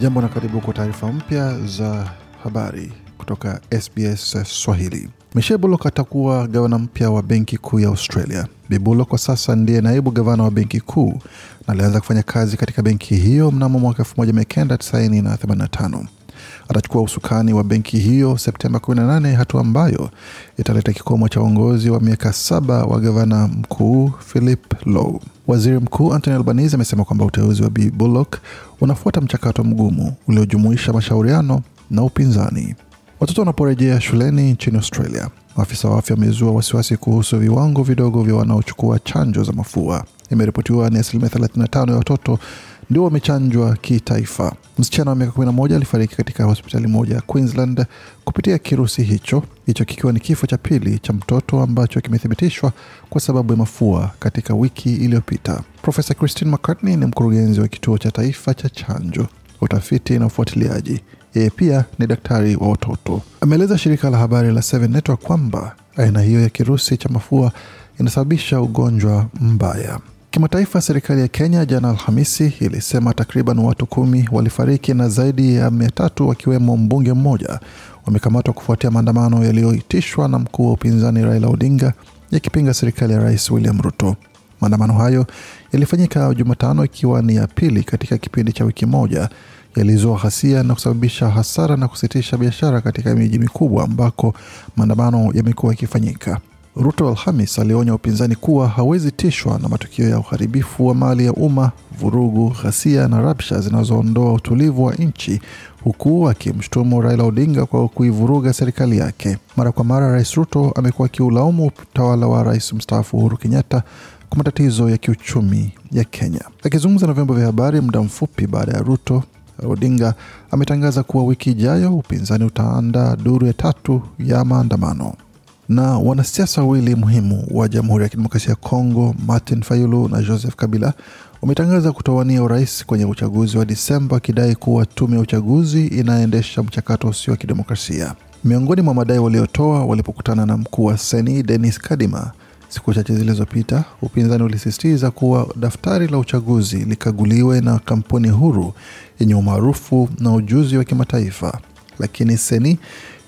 Jambo na karibu kwa taarifa mpya za habari kutoka SBS Swahili. Michelle Bullock atakuwa gavana mpya wa benki kuu ya Australia. bibulo kwa sasa ndiye naibu gavana wa benki kuu na alianza kufanya kazi katika benki hiyo mnamo mwaka 1985 atachukua usukani wa benki hiyo Septemba 18, hatua ambayo italeta kikomo cha uongozi wa miaka saba wa gavana mkuu Philip Lowe. Waziri Mkuu Anthony Albanese amesema kwamba uteuzi wa Bi Bullock unafuata mchakato mgumu uliojumuisha mashauriano na upinzani. Watoto wanaporejea shuleni nchini Australia, maafisa wa afya wamezua wasiwasi kuhusu viwango vidogo vya wanaochukua chanjo za mafua. Imeripotiwa ni asilimia 35 ya watoto ndio wamechanjwa kitaifa. Msichana wa miaka 11 alifariki katika hospitali moja ya Queensland kupitia kirusi hicho, hicho kikiwa ni kifo cha pili cha mtoto ambacho kimethibitishwa kwa sababu ya mafua katika wiki iliyopita. Profesa Christine McCartney ni mkurugenzi wa kituo cha taifa cha chanjo, utafiti na ufuatiliaji. Yeye pia ni daktari wa watoto. Ameeleza shirika la habari la Seven Network kwamba aina hiyo ya kirusi cha mafua inasababisha ugonjwa mbaya. Kimataifa, serikali ya Kenya jana Alhamisi ilisema takriban watu kumi walifariki na zaidi ya mia tatu wakiwemo mbunge mmoja wamekamatwa kufuatia maandamano yaliyoitishwa na mkuu wa upinzani Raila Odinga yakipinga serikali ya Rais William Ruto. Maandamano hayo yalifanyika Jumatano, ikiwa ni ya pili katika kipindi cha wiki moja. Yalizua ghasia na kusababisha hasara na kusitisha biashara katika miji mikubwa ambako maandamano yamekuwa yakifanyika. Ruto Alhamis alionya upinzani kuwa hawezi tishwa na matukio ya uharibifu wa mali ya umma, vurugu, ghasia na rabsha zinazoondoa utulivu wa nchi, huku akimshutumu Raila Odinga kwa kuivuruga serikali yake. Mara kwa mara, Rais Ruto amekuwa akiulaumu utawala wa rais mstaafu Uhuru Kenyatta kwa matatizo ya kiuchumi ya Kenya. Akizungumza na vyombo vya habari muda mfupi baada ya Ruto Odinga ametangaza kuwa wiki ijayo upinzani utaanda duru ya tatu ya maandamano na wanasiasa wawili muhimu wa Jamhuri ya Kidemokrasia ya Kongo, Martin Fayulu na Joseph Kabila wametangaza kutowania urais kwenye uchaguzi wa Disemba, akidai kuwa tume ya uchaguzi inaendesha mchakato usio wa kidemokrasia. Miongoni mwa madai waliotoa walipokutana na mkuu wa seni Denis Kadima siku chache zilizopita, upinzani ulisisitiza kuwa daftari la uchaguzi likaguliwe na kampuni huru yenye umaarufu na ujuzi wa kimataifa, lakini seni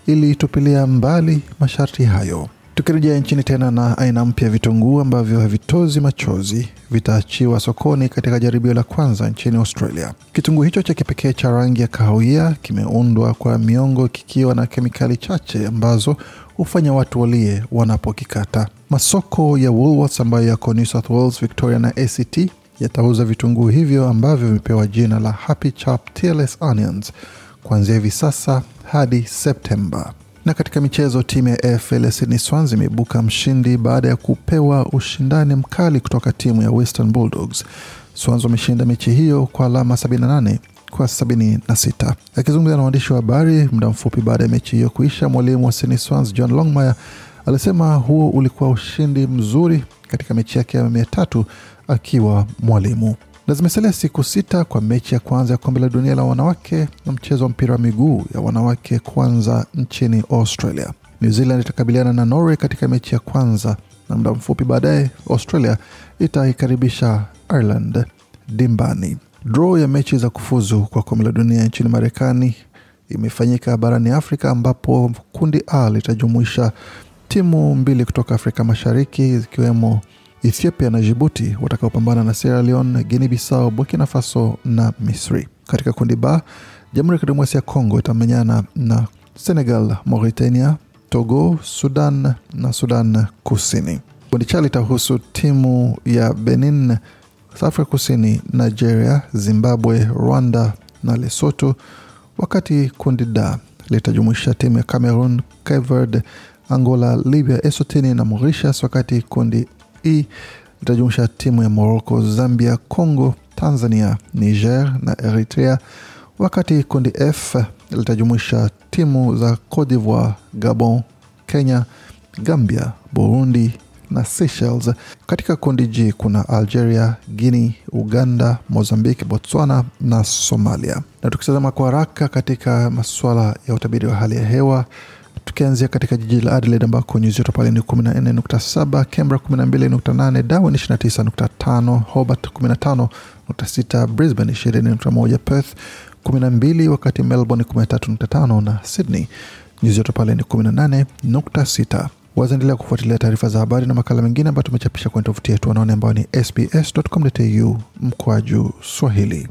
ilitupilia mbali masharti hayo. Tukirejea nchini tena na aina mpya ya vitunguu ambavyo havitozi machozi vitaachiwa sokoni katika jaribio la kwanza nchini Australia. Kitunguu hicho cha kipekee cha rangi ya kahawia kimeundwa kwa miongo kikiwa na kemikali chache ambazo hufanya watu walie wanapokikata. Masoko ya Woolworths ambayo yako New South Wales, Victoria na ACT yatauza vitunguu hivyo ambavyo vimepewa jina la Happy Chap TLS Onions kuanzia hivi sasa hadi Septemba. Na katika michezo, timu ya AFL Sydney Swans imeibuka mshindi baada ya kupewa ushindani mkali kutoka timu ya Western Bulldogs. Swans wameshinda mechi hiyo kwa alama 78 kwa 76. Akizungumza na waandishi wa habari muda mfupi baada ya mechi hiyo kuisha, mwalimu wa Sydney Swans John Longmire alisema huo ulikuwa ushindi mzuri katika mechi yake ya mia tatu akiwa mwalimu na zimesalia siku sita kwa mechi ya kwanza ya kombe la dunia la wanawake na mchezo wa mpira wa miguu ya wanawake kwanza nchini Australia. New Zealand itakabiliana na Norway katika mechi ya kwanza, na muda mfupi baadaye Australia itaikaribisha Ireland dimbani. Draw ya mechi za kufuzu kwa kombe la dunia nchini Marekani imefanyika barani Afrika, ambapo kundi A litajumuisha timu mbili kutoka Afrika Mashariki zikiwemo Ethiopia na Jibuti watakaopambana na Sierra Leone, Guinea Bissau, Burkina Faso na Misri. Katika kundi ba, Jamhuri ya Kidemokrasia ya Kongo itamenyana na Senegal, Mauritania, Togo, Sudan na Sudan Kusini. Kundi cha litahusu timu ya Benin, Afrika Kusini, Nigeria, Zimbabwe, Rwanda na Lesotho, wakati kundi da litajumuisha timu ya Cameroon, Cape Verde, Angola, Libya, Eswatini na Mauritius, wakati kundi E itajumuisha timu ya Morocco, Zambia, Congo, Tanzania, Niger na Eritrea, wakati kundi F litajumuisha timu za Cote d'Ivoire, Gabon, Kenya, Gambia, Burundi na Seychelles. Katika kundi G kuna Algeria, Guinea, Uganda, Mozambique, Botswana na Somalia. Na tukitazama kwa haraka katika masuala ya utabiri wa hali ya hewa tukianzia katika jiji la Adelaide ambako nyuzi joto pale ni 14.7, Canberra 12.8, Darwin 29.5, Hobart 15.6, Brisbane 20.1, Perth 12, wakati Melbourne 13.5 na Sydney nyuzi joto pale ni 18.6. Wazaendelea kufuatilia taarifa za habari na makala mengine ambayo tumechapisha kwenye tovuti yetu wanaone ambayo ni sbs.com.au juu Swahili.